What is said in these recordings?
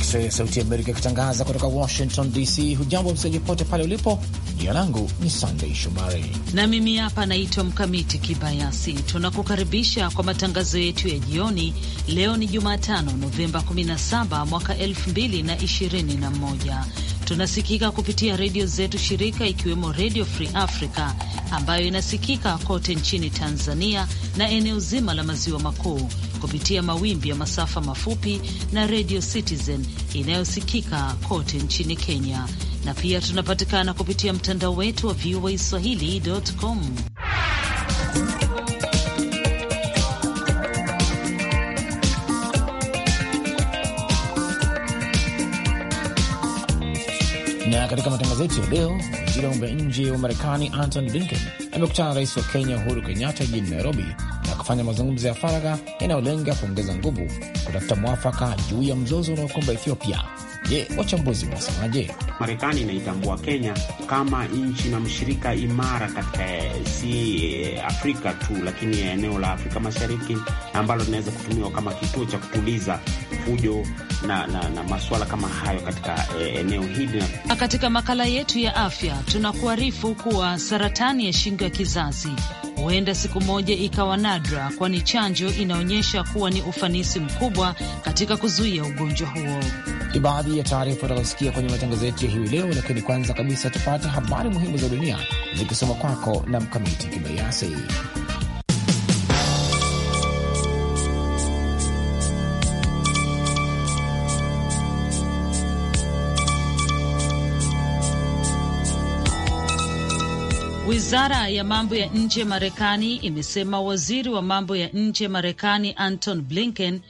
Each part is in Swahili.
Kiswahili ya Sauti ya Amerika ikitangaza kutoka Washington DC. Hujambo msikilizaji pote pale ulipo. Jina langu ni Sandei Shomari na mimi hapa naitwa Mkamiti Kibayasi. Tunakukaribisha kwa matangazo yetu ya jioni. Leo ni Jumatano, Novemba 17 mwaka 2021 Tunasikika kupitia redio zetu shirika ikiwemo Redio Free Africa ambayo inasikika kote nchini Tanzania na eneo zima la maziwa makuu kupitia mawimbi ya masafa mafupi na Redio Citizen inayosikika kote nchini Kenya na pia tunapatikana kupitia mtandao wetu wa VOA Swahili.com. Na katika matangazo yetu ya leo, waziri wa mambo ya nje wa Marekani Antony Blinken amekutana na rais wa Kenya Uhuru Kenyatta jijini Nairobi na kufanya mazungumzo ya faragha yanayolenga kuongeza nguvu kutafuta mwafaka juu ya mzozo unaokumba Ethiopia. Je, wachambuzi wanasemaje? Marekani inaitambua Kenya kama nchi na mshirika imara katika si Afrika tu, lakini eneo la Afrika Mashariki ambalo linaweza kutumiwa kama kituo cha kutuliza fujo na, na, na masuala kama hayo katika eh, eneo hili. Katika makala yetu ya afya tunakuarifu kuwa saratani ya shingo ya kizazi huenda siku moja ikawa nadra, kwani chanjo inaonyesha kuwa ni ufanisi mkubwa katika kuzuia ugonjwa huo. Ni baadhi ya taarifa utakazosikia kwenye matangazo yetu ya hivi leo, lakini kwanza kabisa tupate habari muhimu za dunia zikisoma kwako na Mkamiti Kibayasi. Wizara ya mambo ya nje Marekani imesema waziri wa mambo ya nje Marekani Anton Blinken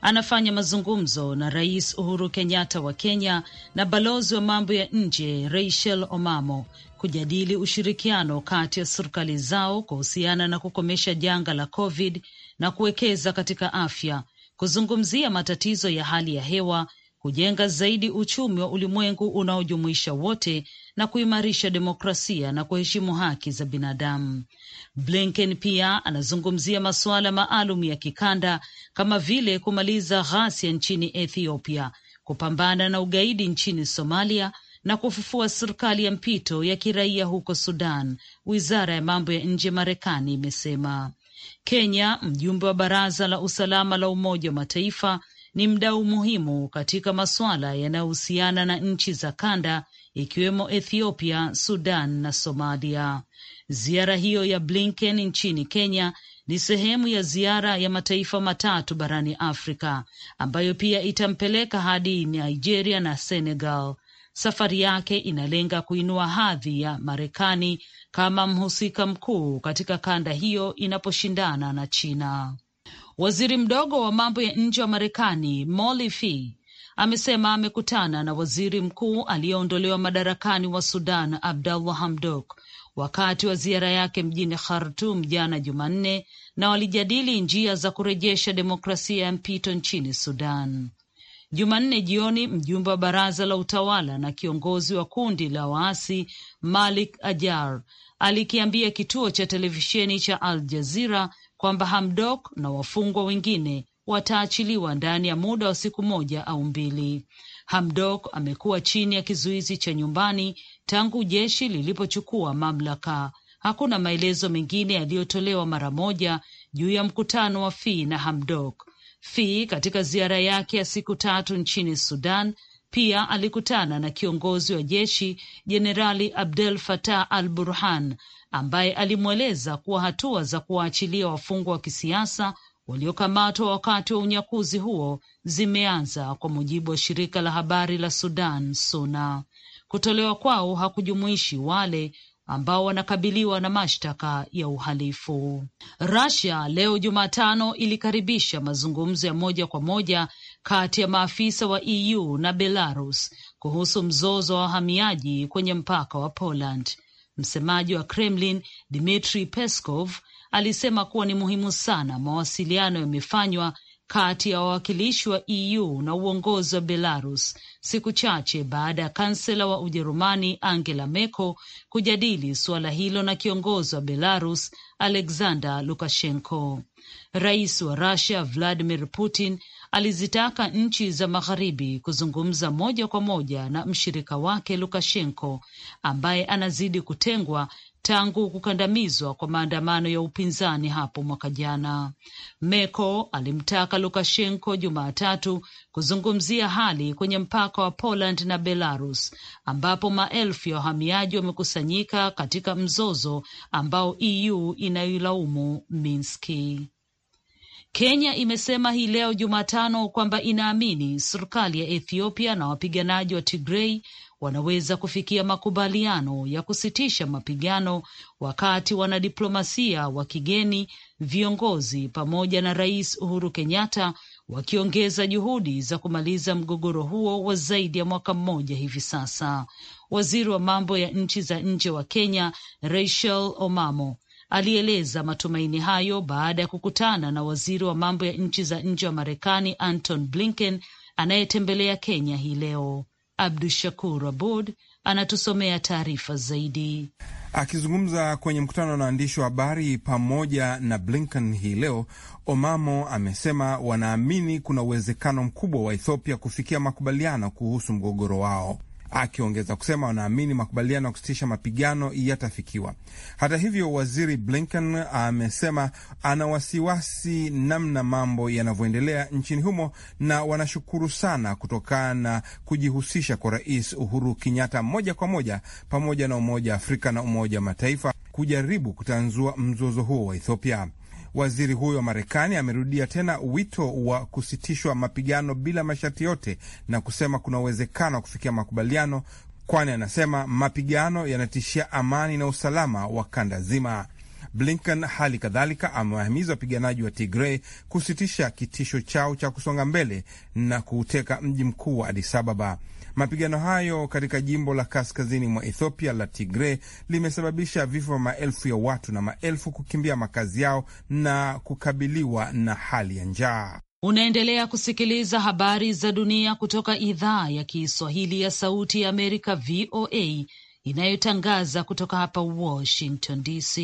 anafanya mazungumzo na Rais Uhuru Kenyatta wa Kenya na balozi wa mambo ya nje Rachel Omamo kujadili ushirikiano kati ya serikali zao kuhusiana na kukomesha janga la COVID na kuwekeza katika afya, kuzungumzia matatizo ya hali ya hewa, kujenga zaidi uchumi wa ulimwengu unaojumuisha wote na kuimarisha demokrasia na kuheshimu haki za binadamu. Blinken pia anazungumzia masuala maalum ya kikanda kama vile kumaliza ghasia nchini Ethiopia, kupambana na ugaidi nchini Somalia na kufufua serikali ya mpito ya kiraia huko Sudan, wizara ya mambo ya nje Marekani imesema. Kenya, mjumbe wa baraza la usalama la Umoja wa Mataifa ni mdau muhimu katika masuala yanayohusiana na nchi za kanda ikiwemo Ethiopia, Sudan na Somalia. Ziara hiyo ya Blinken nchini Kenya ni sehemu ya ziara ya mataifa matatu barani Afrika ambayo pia itampeleka hadi Nigeria na Senegal. Safari yake inalenga kuinua hadhi ya Marekani kama mhusika mkuu katika kanda hiyo inaposhindana na China. Waziri mdogo wa mambo ya nje wa Marekani Molly Fee amesema amekutana na waziri mkuu aliyeondolewa madarakani wa Sudan Abdallah Hamdok wakati wa ziara yake mjini Khartum jana Jumanne, na walijadili njia za kurejesha demokrasia ya mpito nchini Sudan. Jumanne jioni mjumbe wa baraza la utawala na kiongozi wa kundi la waasi Malik Ajar alikiambia kituo cha televisheni cha Al Jazira kwamba Hamdok na wafungwa wengine wataachiliwa ndani ya muda wa siku moja au mbili. Hamdok amekuwa chini ya kizuizi cha nyumbani tangu jeshi lilipochukua mamlaka. Hakuna maelezo mengine yaliyotolewa mara moja juu ya mkutano wa Fii na Hamdok. Fii katika ziara yake ya siku tatu nchini Sudan pia alikutana na kiongozi wa jeshi Jenerali Abdel Fattah al Burhan ambaye alimweleza kuwa hatua za kuwaachilia wafungwa wa kisiasa waliokamatwa wakati wa unyakuzi huo zimeanza, kwa mujibu wa shirika la habari la Sudan SUNA. Kutolewa kwao hakujumuishi wale ambao wanakabiliwa na mashtaka ya uhalifu. Russia leo Jumatano ilikaribisha mazungumzo ya moja kwa moja kati ya maafisa wa EU na Belarus kuhusu mzozo wa wahamiaji kwenye mpaka wa Poland. Msemaji wa Kremlin Dmitri Peskov alisema kuwa ni muhimu sana mawasiliano yamefanywa kati ya wawakilishi wa EU na uongozi wa Belarus siku chache baada ya kansela wa Ujerumani Angela Merkel kujadili suala hilo na kiongozi wa Belarus Alexander Lukashenko. Rais wa Rusia Vladimir Putin alizitaka nchi za magharibi kuzungumza moja kwa moja na mshirika wake Lukashenko ambaye anazidi kutengwa tangu kukandamizwa kwa maandamano ya upinzani hapo mwaka jana. Meko alimtaka Lukashenko Jumatatu kuzungumzia hali kwenye mpaka wa Poland na Belarus ambapo maelfu ya wahamiaji wamekusanyika katika mzozo ambao EU inayoilaumu Minski. Kenya imesema hii leo Jumatano kwamba inaamini serikali ya Ethiopia na wapiganaji wa Tigrei wanaweza kufikia makubaliano ya kusitisha mapigano wakati wanadiplomasia wa kigeni, viongozi pamoja na Rais Uhuru Kenyatta wakiongeza juhudi za kumaliza mgogoro huo wa zaidi ya mwaka mmoja hivi sasa. Waziri wa mambo ya nchi za nje wa Kenya Rachel Omamo alieleza matumaini hayo baada ya kukutana na waziri wa mambo ya nchi za nje wa Marekani Anton Blinken anayetembelea Kenya hii leo. Abdu Shakur Abud anatusomea taarifa zaidi. Akizungumza kwenye mkutano na waandishi wa habari pamoja na Blinken hii leo, Omamo amesema wanaamini kuna uwezekano mkubwa wa Ethiopia kufikia makubaliano kuhusu mgogoro wao akiongeza kusema wanaamini makubaliano ya kusitisha mapigano yatafikiwa. Hata hivyo, waziri Blinken amesema ana wasiwasi namna mambo yanavyoendelea nchini humo, na wanashukuru sana kutokana na kujihusisha kwa Rais Uhuru Kenyatta moja kwa moja pamoja na Umoja wa Afrika na Umoja wa Mataifa kujaribu kutanzua mzozo huo wa Ethiopia. Waziri huyo wa Marekani amerudia tena wito wa kusitishwa mapigano bila masharti yote na kusema kuna uwezekano wa kufikia makubaliano, kwani anasema mapigano yanatishia amani na usalama wa kanda zima. Blinken hali kadhalika amewahimiza wapiganaji wa Tigrei kusitisha kitisho chao cha kusonga mbele na kuuteka mji mkuu wa adisababa Ababa. Mapigano hayo katika jimbo la kaskazini mwa Ethiopia la Tigre limesababisha vifo vya maelfu ya watu na maelfu kukimbia makazi yao na kukabiliwa na hali ya njaa. Unaendelea kusikiliza habari za dunia kutoka idhaa ya Kiswahili ya Sauti ya Amerika, VOA, inayotangaza kutoka hapa Washington DC.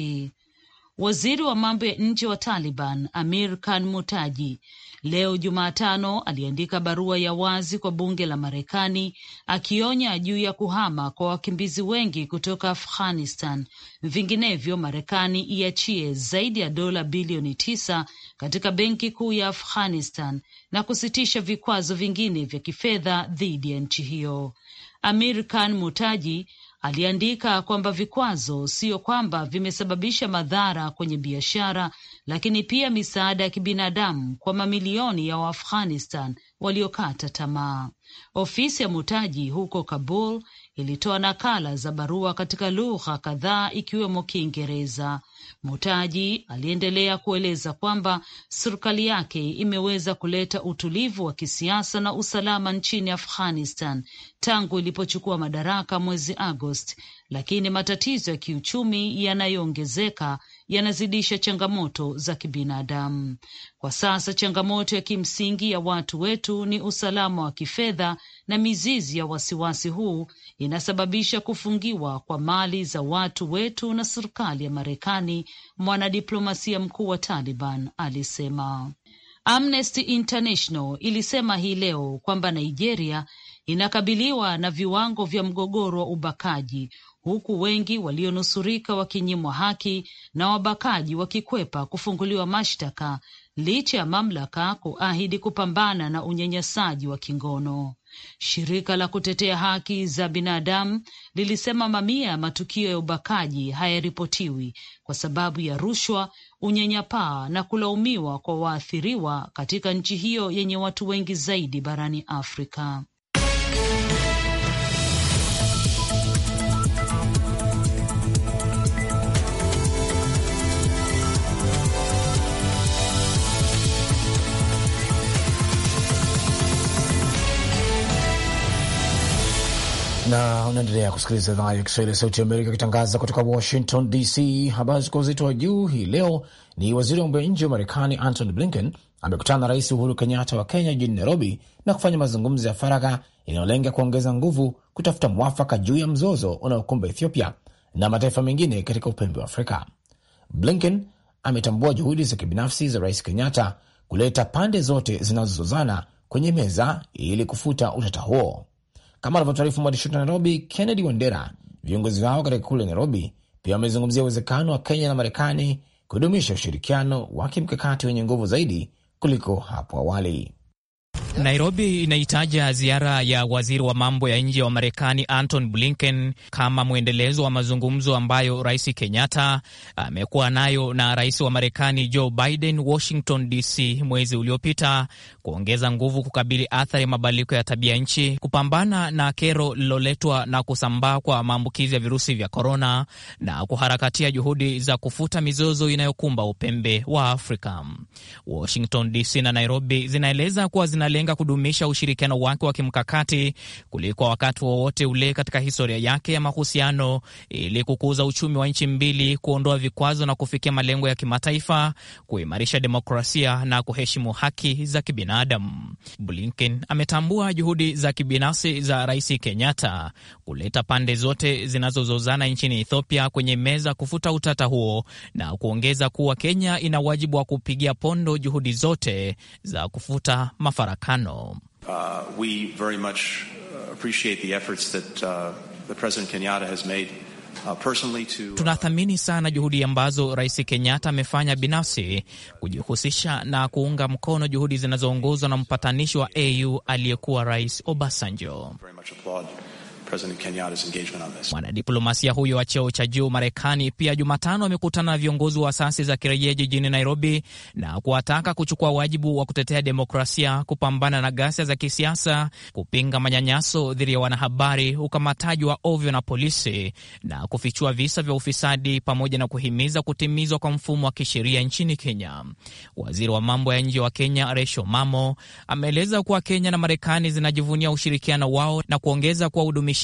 Waziri wa mambo ya nje wa Taliban Amir Khan Mutaji leo Jumatano aliandika barua ya wazi kwa bunge la Marekani akionya juu ya kuhama kwa wakimbizi wengi kutoka Afghanistan, vinginevyo Marekani iachie zaidi ya dola bilioni tisa katika benki kuu ya Afghanistan na kusitisha vikwazo vingine vya kifedha dhidi ya nchi hiyo. Amir Khan Mutaji Aliandika kwamba vikwazo sio kwamba vimesababisha madhara kwenye biashara, lakini pia misaada ya kibinadamu kwa mamilioni ya Waafghanistan waliokata tamaa. Ofisi ya mutaji huko Kabul ilitoa nakala za barua katika lugha kadhaa ikiwemo Kiingereza. Mutaji aliendelea kueleza kwamba serikali yake imeweza kuleta utulivu wa kisiasa na usalama nchini Afghanistan tangu ilipochukua madaraka mwezi Agosti, lakini matatizo ya kiuchumi yanayoongezeka yanazidisha changamoto za kibinadamu. Kwa sasa changamoto ya kimsingi ya watu wetu ni usalama wa kifedha, na mizizi ya wasiwasi huu inasababisha kufungiwa kwa mali za watu wetu na serikali ya Marekani, mwanadiplomasia mkuu wa Taliban alisema. Amnesty International ilisema hii leo kwamba Nigeria inakabiliwa na viwango vya mgogoro wa ubakaji huku wengi walionusurika wakinyimwa haki na wabakaji wakikwepa kufunguliwa mashtaka licha ya mamlaka kuahidi kupambana na unyanyasaji wa kingono. Shirika la kutetea haki za binadamu lilisema mamia ya matukio ya ubakaji hayaripotiwi kwa sababu ya rushwa, unyanyapaa na kulaumiwa kwa waathiriwa katika nchi hiyo yenye watu wengi zaidi barani Afrika. na unaendelea kusikiliza idhaa ya Kiswahili ya Sauti Amerika ikitangaza kutoka Washington DC. Habari ziko uzito wa juu hii leo ni waziri wa mambo ya nje wa Marekani Antony Blinken amekutana na Rais Uhuru Kenyatta wa Kenya jijini Nairobi na kufanya mazungumzo ya faragha yanayolenga kuongeza nguvu kutafuta mwafaka juu ya mzozo unaokumba Ethiopia na mataifa mengine katika upembe wa Afrika. Blinken ametambua juhudi za kibinafsi za Rais Kenyatta kuleta pande zote zinazozozana kwenye meza ili kufuta utata huo. Kama anavyotaarifu mwandishi wetu Nairobi, Kennedy Wandera, viongozi wao katika kule Nairobi pia wamezungumzia uwezekano wa Kenya na Marekani kudumisha ushirikiano wa kimkakati wenye nguvu zaidi kuliko hapo awali. Nairobi inahitaja ziara ya waziri wa mambo ya nje wa Marekani Anton Blinken kama mwendelezo wa mazungumzo ambayo Rais Kenyatta amekuwa nayo na rais wa Marekani Joe Biden Washington DC mwezi uliopita, kuongeza nguvu kukabili athari ya mabadiliko ya tabia nchi, kupambana na kero lililoletwa na kusambaa kwa maambukizi ya virusi vya korona na kuharakatia juhudi za kufuta mizozo inayokumba upembe wa Afrika. Washington DC na Nairobi zinaeleza kuwa zina inalenga kudumisha ushirikiano wake wa kimkakati kuliko wakati wowote ule katika historia yake ya mahusiano ili kukuza uchumi wa nchi mbili, kuondoa vikwazo na kufikia malengo ya kimataifa, kuimarisha demokrasia na kuheshimu haki za kibinadamu. Blinken ametambua juhudi za kibinafsi za Rais Kenyatta kuleta pande zote zinazozozana nchini Ethiopia kwenye meza kufuta utata huo na kuongeza kuwa Kenya ina wajibu wa kupigia pondo juhudi zote za kufuta mafarakano tano. Uh, we very much uh, appreciate the efforts that, uh, the President Kenyatta has made. Uh, to... Uh, tunathamini sana juhudi ambazo Rais Kenyatta amefanya binafsi kujihusisha na kuunga mkono juhudi zinazoongozwa na mpatanishi wa AU aliyekuwa Rais Obasanjo. President Kenyatta's engagement on this. Mwanadiplomasia huyo wa cheo cha juu Marekani pia Jumatano amekutana na viongozi wa asasi za kirejea jijini Nairobi na kuwataka kuchukua wajibu wa kutetea demokrasia, kupambana na ghasia za kisiasa, kupinga manyanyaso dhidi ya wanahabari, ukamataji wa ovyo na polisi na kufichua visa vya ufisadi, pamoja na kuhimiza kutimizwa kwa mfumo wa kisheria nchini Kenya. Waziri wa mambo ya nje wa Kenya Resho Mamo ameeleza kuwa Kenya na Marekani zinajivunia ushirikiano wao na kuongeza kuwa udumishi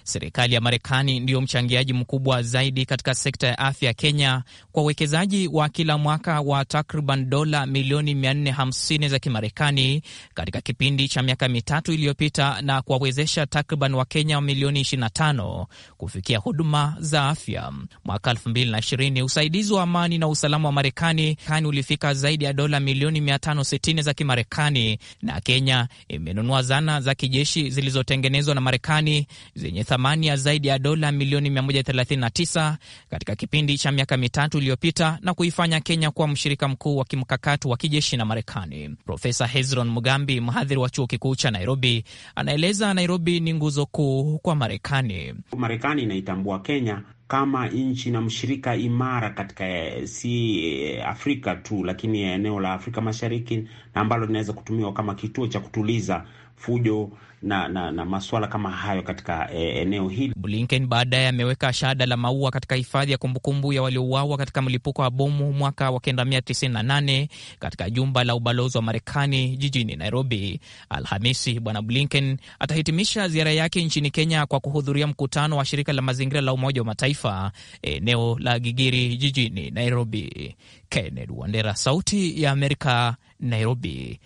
Serikali ya Marekani ndiyo mchangiaji mkubwa zaidi katika sekta ya afya Kenya kwa uwekezaji wa kila mwaka wa takriban dola milioni 450 za Kimarekani katika kipindi cha miaka mitatu iliyopita na kuwawezesha takriban Wakenya milioni 25 kufikia huduma za afya. Mwaka 2020 usaidizi wa amani na usalama wa Marekani ulifika zaidi ya dola milioni 560 za Kimarekani, na Kenya imenunua zana za kijeshi zilizotengenezwa na Marekani zenye thamani ya zaidi ya dola milioni 139 katika kipindi cha miaka mitatu iliyopita na kuifanya Kenya kuwa mshirika mkuu wa kimkakati wa kijeshi na Marekani. Profesa Hezron Mugambi, mhadhiri wa chuo kikuu cha Nairobi, anaeleza Nairobi ni nguzo kuu kwa Marekani. Marekani inaitambua Kenya kama nchi na mshirika imara katika eh, si eh, Afrika tu, lakini eneo la Afrika Mashariki na ambalo linaweza kutumiwa kama kituo cha kutuliza fujo na, na, na maswala kama hayo katika e, eneo hili. Blinken baadaye ameweka shada la maua katika hifadhi ya kumbukumbu ya waliouawa katika mlipuko wa bomu mwaka wa 1998 katika jumba la ubalozi wa Marekani jijini Nairobi. Alhamisi, Bwana Blinken atahitimisha ziara yake nchini Kenya kwa kuhudhuria mkutano wa shirika la mazingira la Umoja wa Mataifa eneo la Gigiri jijini Nairobi. Kenneth Wandera, Sauti ya Amerika, Nairobi.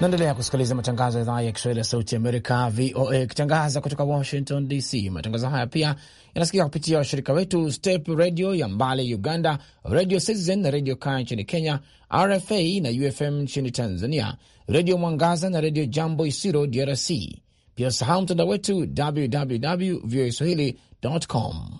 Naendelea kusikiliza matangazo ya idhaa ya Kiswahili ya Sauti Amerika, VOA, ikitangaza kutoka Washington DC. Matangazo haya pia yanasikika kupitia washirika wetu Step Redio ya Mbale Uganda, Radio Citizen na Redio Kaya nchini Kenya, RFA na UFM nchini Tanzania, Redio Mwangaza na Redio Jambo Isiro DRC. Pia usahau mtandao wetu www voa swahili com.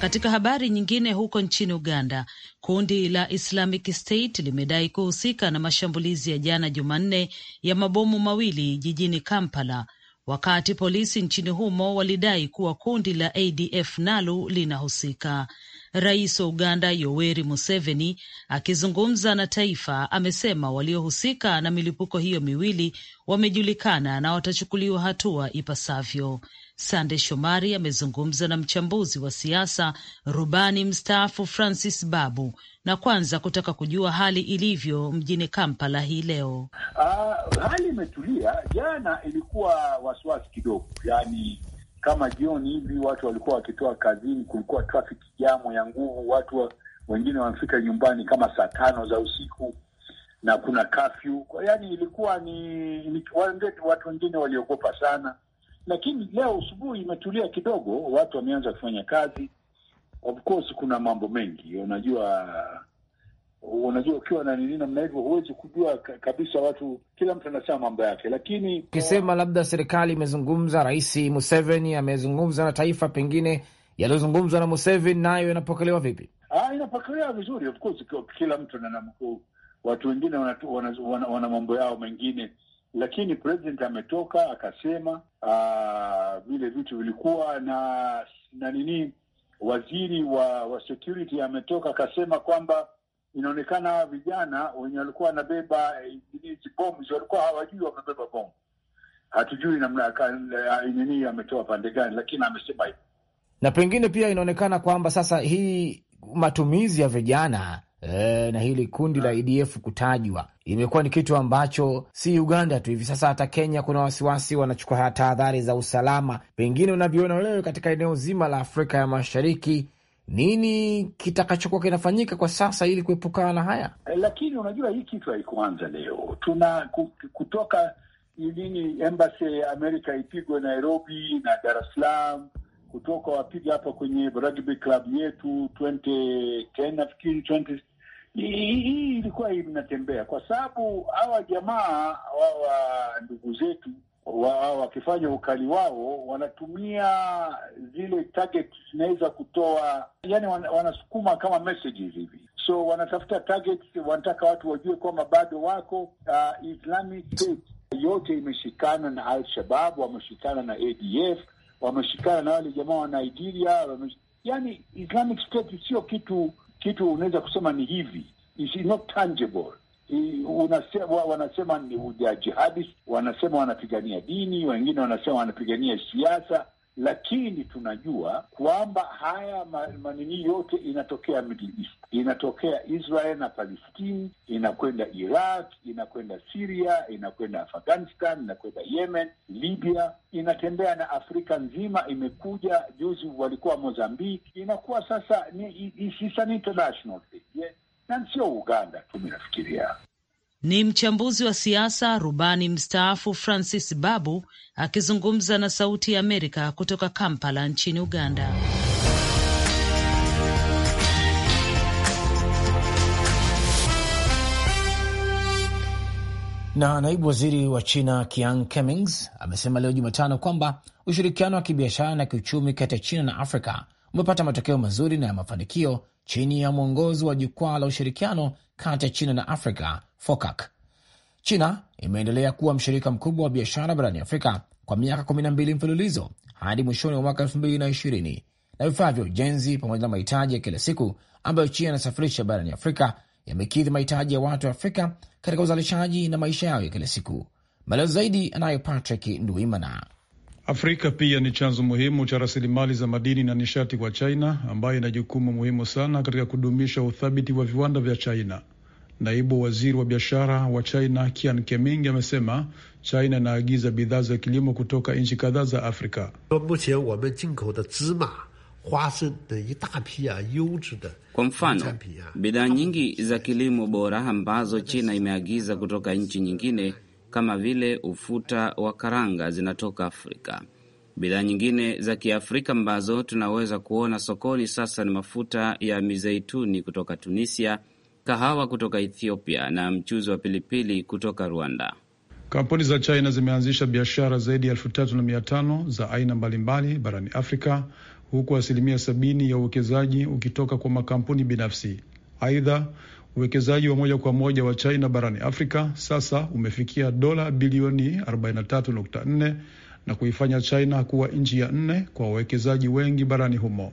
Katika habari nyingine, huko nchini Uganda, kundi la Islamic State limedai kuhusika na mashambulizi ya jana Jumanne ya mabomu mawili jijini Kampala, wakati polisi nchini humo walidai kuwa kundi la ADF nalo linahusika. Rais wa Uganda Yoweri Museveni akizungumza na taifa amesema waliohusika na milipuko hiyo miwili wamejulikana na watachukuliwa hatua ipasavyo. Sande Shomari amezungumza na mchambuzi wa siasa rubani mstaafu Francis Babu na kwanza kutaka kujua hali ilivyo mjini Kampala hii leo. Uh, hali imetulia. Jana ilikuwa wasiwasi kidogo, yaani kama jioni hivi watu walikuwa wakitoa kazini, kulikuwa trafiki jamu ya nguvu, watu wa, wengine wanafika nyumbani kama saa tano za usiku na kuna kafyu, yaani ilikuwa ni, ni watu wengine waliogopa sana lakini leo asubuhi imetulia kidogo, watu wameanza kufanya kazi. Of course kuna mambo mengi, unajua unajua ukiwa na nini namna hivyo huwezi kujua kabisa. Watu kila mtu anasema mambo yake, lakini ukisema labda serikali imezungumza, Rais Museveni amezungumza na taifa, pengine yaliyozungumzwa na Museveni nayo inapokelewa vipi? Ah, inapokelewa vizuri of course, kila mtu na watu wengine wana, wana, wana, wana mambo yao mengine lakini president ametoka akasema ah, vile vitu vilikuwa na na nini. Waziri wa, wa security ametoka akasema kwamba inaonekana hawa vijana wenye walikuwa wanabeba eh, hizi bomu walikuwa hawajui wamebeba bomu. Hatujui namna eh, nini ametoa pande gani, lakini amesema hivo, na pengine pia inaonekana kwamba sasa hii matumizi ya vijana e, na hili kundi la ADF ah. e kutajwa imekuwa ni kitu ambacho si Uganda tu, hivi sasa hata Kenya kuna wasiwasi, wanachukua tahadhari za usalama. Pengine unavyoona wewe katika eneo zima la Afrika ya Mashariki, nini kitakachokuwa kinafanyika kwa sasa ili kuepukana na haya? Eh, lakini unajua hii kitu haikuanza leo, tuna kutoka nini embassy ya Amerika ipigwe Nairobi na Dar es Salaam, kutoka wapiga hapa kwenye rugby club yetu 2010 nafikiri hii ilikuwa inatembea kwa sababu hawa jamaa wawa ndugu zetu wakifanya ukali wao wanatumia zile target zinaweza kutoa, yani wanasukuma kama messages hivi, so wanatafuta wanataka watu wajue kwamba bado wako uh, Islamic State yote imeshikana na Al-Shabab, wameshikana na ADF, wameshikana na wale jamaa wa Nigeria, wame... yani Islamic State sio kitu kitu unaweza kusema ni hivi, is not tangible. Unasema, wanasema ni jihadist, wanasema wanapigania dini, wengine wanasema wanapigania siasa lakini tunajua kwamba haya manini yote inatokea Middle East, inatokea Israel na Palestine, inakwenda Iraq, inakwenda Siria, inakwenda Afghanistan, inakwenda Yemen, Libya, inatembea na Afrika nzima. Imekuja juzi walikuwa Mozambiki, inakuwa sasa ni international na sio Uganda tu, minafikiria ni mchambuzi wa siasa, rubani mstaafu Francis Babu akizungumza na Sauti ya Amerika kutoka Kampala nchini Uganda. Na naibu waziri wa China Kiang Kemings amesema leo Jumatano kwamba ushirikiano wa kibiashara na kiuchumi kati ya China na Afrika umepata matokeo mazuri na ya mafanikio chini ya mwongozo wa jukwaa la ushirikiano kati ya China na Afrika FOCAC. China imeendelea kuwa mshirika mkubwa wa biashara barani Afrika kwa miaka 12 mfululizo hadi mwishoni wa mwaka 2020 na vifaa vya ujenzi pamoja na mahitaji ya kila siku ambayo China inasafirisha barani Afrika yamekidhi mahitaji ya watu wa Afrika katika uzalishaji na maisha yao ya kila siku. Maelezo zaidi anayo Patrick Nduimana. Afrika pia ni chanzo muhimu cha rasilimali za madini na nishati kwa China, ambayo ina jukumu muhimu sana katika kudumisha uthabiti wa viwanda vya China. Naibu waziri wa biashara wa China Kian Keming amesema China inaagiza bidhaa za kilimo kutoka nchi kadhaa za Afrika. Kwa mfano, bidhaa nyingi za kilimo bora ambazo China imeagiza kutoka nchi nyingine kama vile ufuta wa karanga zinatoka Afrika. Bidhaa nyingine za Kiafrika ambazo tunaweza kuona sokoni sasa ni mafuta ya mizeituni kutoka Tunisia, kahawa kutoka Ethiopia na mchuzi wa pilipili kutoka Rwanda. Kampuni za China zimeanzisha biashara zaidi ya elfu tatu na mia tano za aina mbalimbali barani Afrika, huku asilimia sabini ya uwekezaji ukitoka kwa makampuni binafsi. Aidha, uwekezaji wa moja kwa moja wa China barani Afrika sasa umefikia dola bilioni 43.4 na kuifanya China kuwa nchi ya nne kwa wawekezaji wengi barani humo.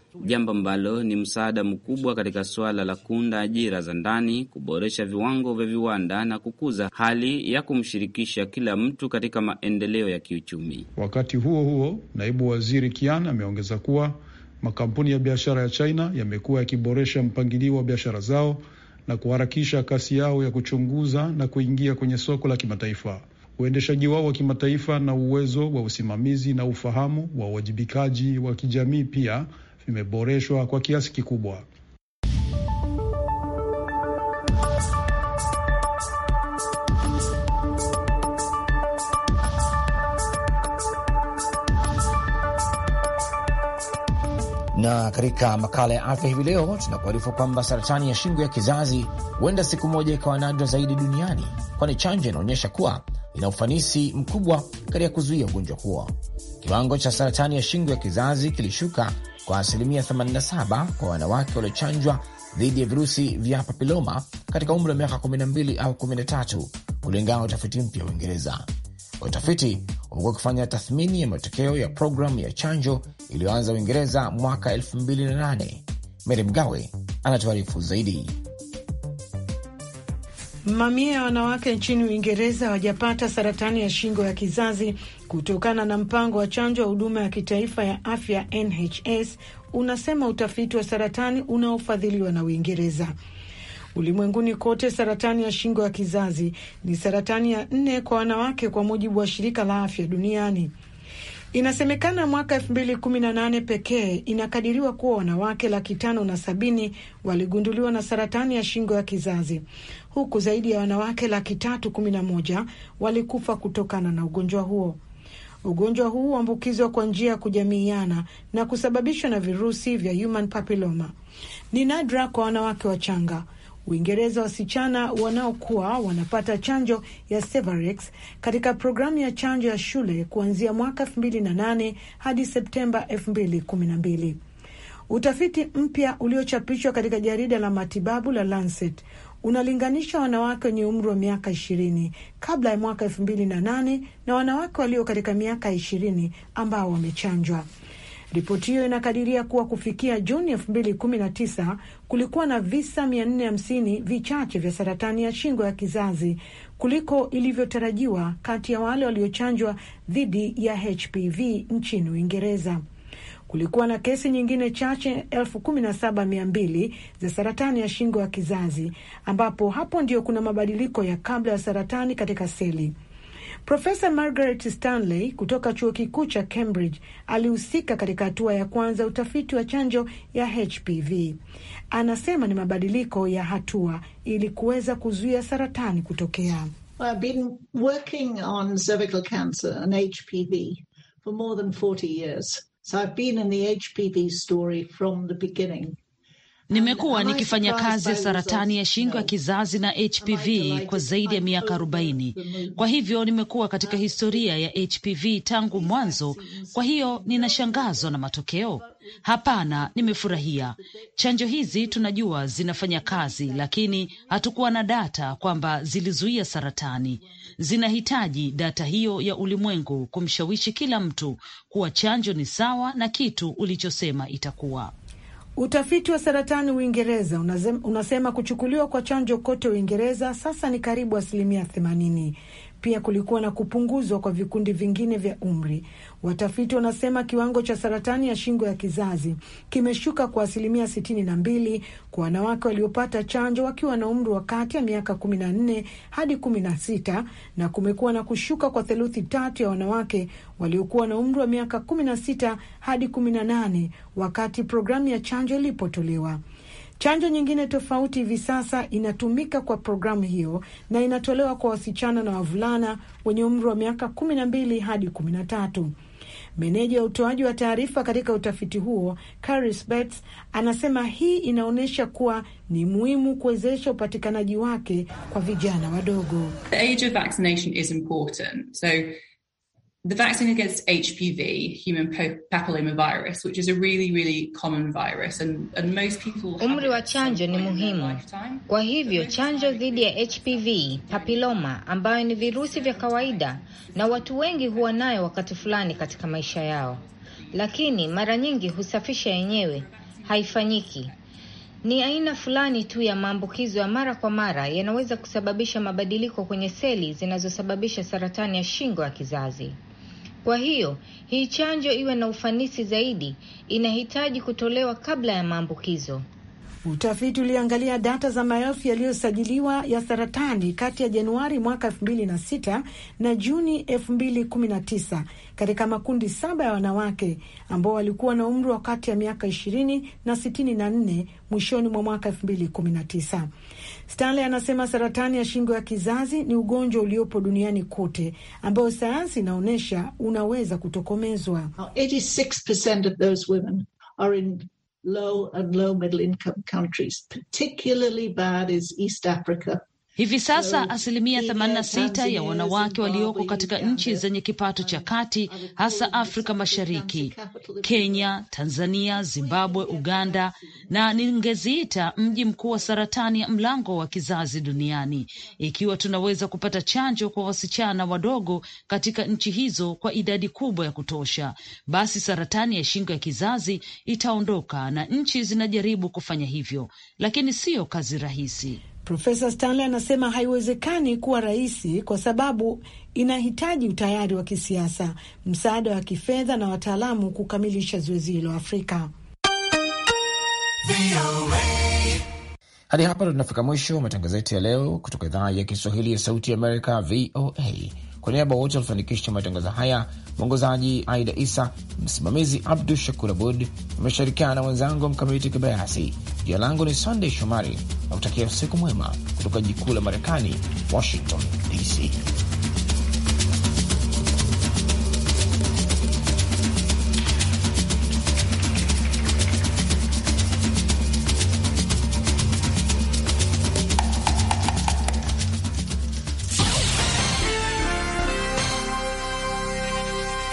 jambo ambalo ni msaada mkubwa katika suala la kuunda ajira za ndani, kuboresha viwango vya viwanda na kukuza hali ya kumshirikisha kila mtu katika maendeleo ya kiuchumi. Wakati huo huo, naibu waziri Kian ameongeza kuwa makampuni ya biashara ya China yamekuwa yakiboresha mpangilio wa biashara zao na kuharakisha kasi yao ya kuchunguza na kuingia kwenye soko la kimataifa. Uendeshaji wao wa kimataifa na uwezo wa usimamizi na ufahamu wa uwajibikaji wa kijamii pia vimeboreshwa kwa kiasi kikubwa. Na katika makala ya afya hivi leo tunakuarifu kwamba saratani ya shingo ya kizazi huenda siku moja ikawa nadra zaidi duniani, kwani chanjo inaonyesha kuwa ina ufanisi mkubwa katika kuzuia ugonjwa huo. Kiwango cha saratani ya shingo ya kizazi kilishuka kwa asilimia 87 kwa wanawake waliochanjwa dhidi ya virusi vya papiloma katika umri wa miaka 12 au 13, kulingana na utafiti mpya wa Uingereza. Utafiti umekuwa ukifanya tathmini ya matokeo ya programu ya chanjo iliyoanza Uingereza mwaka 2008. Meri Mgawe anatuarifu zaidi. Mamia ya wanawake nchini Uingereza wajapata saratani ya shingo ya kizazi kutokana na mpango wa chanjo wa huduma ya kitaifa ya afya NHS unasema utafiti wa saratani unaofadhiliwa na Uingereza. Ulimwenguni kote saratani ya shingo ya kizazi ni saratani ya nne kwa wanawake kwa mujibu wa shirika la afya duniani. Inasemekana mwaka elfu mbili kumi na nane pekee inakadiriwa kuwa wanawake laki tano na sabini waligunduliwa na saratani ya shingo ya kizazi, huku zaidi ya wanawake laki tatu kumi na moja walikufa kutokana na ugonjwa huo. Ugonjwa huu huambukizwa kwa njia ya kujamiiana na kusababishwa na virusi vya human papilloma. Ni nadra kwa wanawake wachanga. Uingereza, wasichana wanaokuwa wanapata chanjo ya Cervarix katika programu ya chanjo ya shule kuanzia mwaka elfu hadi Septemba elfu Utafiti mpya uliochapishwa katika jarida la matibabu la Lancet unalinganisha wanawake wenye umri wa miaka ishirini kabla ya mwaka elfu mbili na nane na wanawake walio katika miaka ishirini ambao wamechanjwa. Ripoti hiyo inakadiria kuwa kufikia Juni elfu mbili kumi na tisa kulikuwa na visa mia nne hamsini vichache vya saratani ya shingo ya kizazi kuliko ilivyotarajiwa kati ya wale waliochanjwa dhidi ya HPV nchini Uingereza kulikuwa na kesi nyingine chache elfu kumi na saba mia mbili za saratani ya shingo ya kizazi, ambapo hapo ndio kuna mabadiliko ya kabla ya saratani katika seli. Profesa Margaret Stanley kutoka chuo kikuu cha Cambridge alihusika katika hatua ya kwanza utafiti wa chanjo ya HPV. Anasema ni mabadiliko ya hatua ili kuweza kuzuia saratani kutokea. Well, I've been working on cervical cancer and HPV for more than 40 years. So I've been in the HPV story from the beginning. Nimekuwa nikifanya kazi ya saratani ya shingo ya kizazi na HPV kwa zaidi ya miaka arobaini. Kwa hivyo nimekuwa katika historia ya HPV tangu mwanzo. Kwa hiyo ninashangazwa na matokeo? Hapana, nimefurahia. Chanjo hizi tunajua zinafanya kazi, lakini hatukuwa na data kwamba zilizuia saratani. Zinahitaji data hiyo ya ulimwengu kumshawishi kila mtu kuwa chanjo ni sawa na kitu ulichosema itakuwa. Utafiti wa saratani Uingereza unasema kuchukuliwa kwa chanjo kote Uingereza sasa ni karibu asilimia themanini. Pia kulikuwa na kupunguzwa kwa vikundi vingine vya umri. Watafiti wanasema kiwango cha saratani ya shingo ya kizazi kimeshuka kwa asilimia sitini na mbili kwa wanawake waliopata chanjo wakiwa na umri wa kati ya miaka kumi na nne hadi kumi na sita na kumekuwa na kushuka kwa theluthi tatu ya wanawake waliokuwa na umri wa miaka kumi na sita hadi kumi na nane wakati programu ya chanjo ilipotolewa. Chanjo nyingine tofauti hivi sasa inatumika kwa programu hiyo na inatolewa kwa wasichana na wavulana wenye umri wa miaka kumi na mbili hadi kumi na tatu. Meneja ya utoaji wa taarifa katika utafiti huo Caris Bets anasema hii inaonyesha kuwa ni muhimu kuwezesha upatikanaji wake kwa vijana wadogo. The age of vaccination is important. So the vaccine against HPV, human papillomavirus, which is a really, really common virus and, and most people. Umri wa chanjo ni muhimu. Kwa hivyo chanjo dhidi ya HPV papiloma, ambayo ni virusi vya kawaida na watu wengi huwa nayo wakati fulani katika maisha yao, lakini mara nyingi husafisha yenyewe, haifanyiki. Ni aina fulani tu ya maambukizo ya mara kwa mara yanaweza kusababisha mabadiliko kwenye seli zinazosababisha saratani ya shingo ya kizazi. Kwa hiyo hii chanjo iwe na ufanisi zaidi, inahitaji kutolewa kabla ya maambukizo. Utafiti uliangalia data za maelfu yaliyosajiliwa ya saratani kati ya Januari mwaka 2006 na Juni 2019 katika makundi saba ya wanawake ambao walikuwa na umri wa kati ya miaka 20 na 64 mwishoni mwa mwaka 2019. Stanley anasema saratani ya shingo ya kizazi ni ugonjwa uliopo duniani kote ambayo sayansi inaonyesha unaweza kutokomezwa. 86% of those women are in low and low middle income countries. Particularly bad is East Africa Hivi sasa asilimia 86 ya wanawake walioko katika nchi zenye kipato cha kati, hasa Afrika Mashariki, Kenya, Tanzania, Zimbabwe, Uganda, na ningeziita mji mkuu wa saratani ya mlango wa kizazi duniani, ikiwa tunaweza kupata chanjo kwa wasichana wadogo katika nchi hizo kwa idadi kubwa ya kutosha, basi saratani ya shingo ya kizazi itaondoka, na nchi zinajaribu kufanya hivyo, lakini siyo kazi rahisi. Profesa Stanley anasema haiwezekani kuwa rahisi kwa sababu inahitaji utayari wa kisiasa, msaada wa kifedha na wataalamu kukamilisha zoezi hilo Afrika. Hadi hapa ndo tunafika mwisho wa matangazo yetu ya leo kutoka idhaa ya Kiswahili ya Sauti ya Amerika, VOA. Kwa niaba wote walifanikisha matangazo haya, mwongozaji Aida Isa, msimamizi Abdu Shakur Abud, ameshirikiana na mwenzangu Mkamiti Kibayasi. Jina langu ni Sandey Shomari na kutakia usiku mwema kutoka jikuu la Marekani, Washington DC.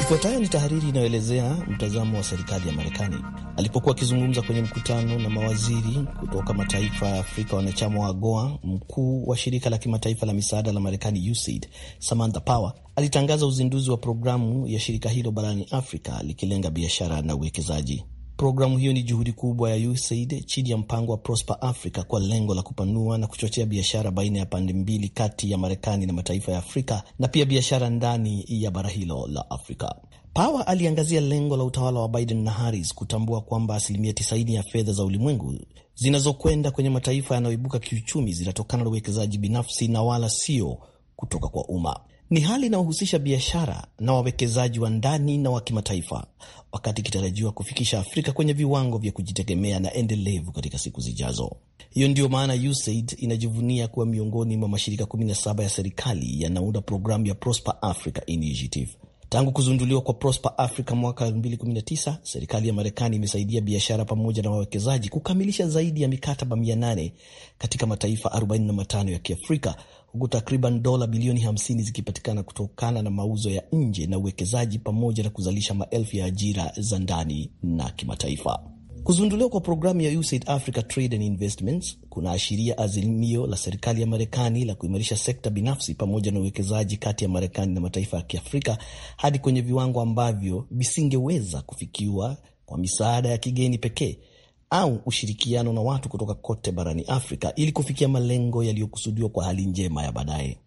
Ifuatayo ni tahariri inayoelezea mtazamo wa serikali ya Marekani. Alipokuwa akizungumza kwenye mkutano na mawaziri kutoka mataifa ya Afrika wanachama wa AGOA, mkuu wa shirika la kimataifa la misaada la Marekani USAID Samantha Power alitangaza uzinduzi wa programu ya shirika hilo barani Afrika likilenga biashara na uwekezaji. Programu hiyo ni juhudi kubwa ya USAID chini ya mpango wa Prosper Africa kwa lengo la kupanua na kuchochea biashara baina ya pande mbili kati ya Marekani na mataifa ya Afrika na pia biashara ndani ya bara hilo la Afrika. Power aliangazia lengo la utawala wa Biden na Harris kutambua kwamba asilimia 90 ya fedha za ulimwengu zinazokwenda kwenye mataifa yanayoibuka kiuchumi zinatokana na uwekezaji binafsi na wala sio kutoka kwa umma. Ni hali inayohusisha biashara na wawekezaji wa ndani na wa kimataifa, wakati ikitarajiwa kufikisha Afrika kwenye viwango vya kujitegemea na endelevu katika siku zijazo. Hiyo ndiyo maana USAID inajivunia kuwa miongoni mwa mashirika 17 ya serikali yanaunda programu ya Prosper Africa Initiative. Tangu kuzunduliwa kwa Prosper Africa mwaka 2019, serikali ya Marekani imesaidia biashara pamoja na wawekezaji kukamilisha zaidi ya mikataba 800 katika mataifa 45 ya Kiafrika huku takriban dola bilioni 50 zikipatikana kutokana na mauzo ya nje na uwekezaji pamoja na kuzalisha maelfu ya ajira za ndani na kimataifa. kuzunduliwa kwa programu ya USAID Africa Trade and Investments kunaashiria azimio la serikali ya Marekani la kuimarisha sekta binafsi pamoja na uwekezaji kati ya Marekani na mataifa ya Kiafrika hadi kwenye viwango ambavyo visingeweza kufikiwa kwa misaada ya kigeni pekee au ushirikiano na watu kutoka kote barani Afrika ili kufikia malengo yaliyokusudiwa kwa hali njema ya baadaye.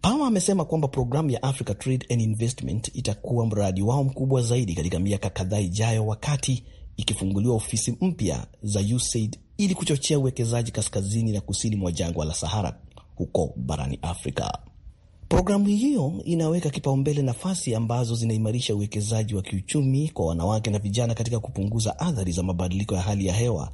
Power amesema kwamba programu ya Africa Trade and Investment itakuwa mradi wao mkubwa zaidi katika miaka kadhaa ijayo, wakati ikifunguliwa ofisi mpya za USAID ili kuchochea uwekezaji kaskazini na kusini mwa jangwa la Sahara huko barani Afrika. Programu hiyo inaweka kipaumbele nafasi ambazo zinaimarisha uwekezaji wa kiuchumi kwa wanawake na vijana katika kupunguza athari za mabadiliko ya hali ya hewa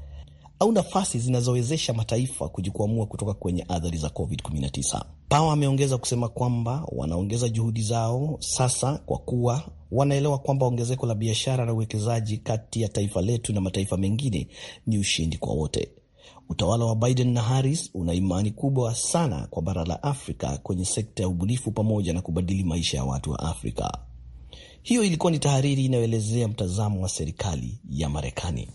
au nafasi zinazowezesha mataifa kujikwamua kutoka kwenye athari za COVID-19. Pawa ameongeza kusema kwamba wanaongeza juhudi zao sasa kwa kuwa wanaelewa kwamba ongezeko la biashara na uwekezaji kati ya taifa letu na mataifa mengine ni ushindi kwa wote. Utawala wa Biden na Harris una imani kubwa sana kwa bara la Afrika kwenye sekta ya ubunifu pamoja na kubadili maisha ya watu wa Afrika. Hiyo ilikuwa ni tahariri inayoelezea mtazamo wa serikali ya Marekani.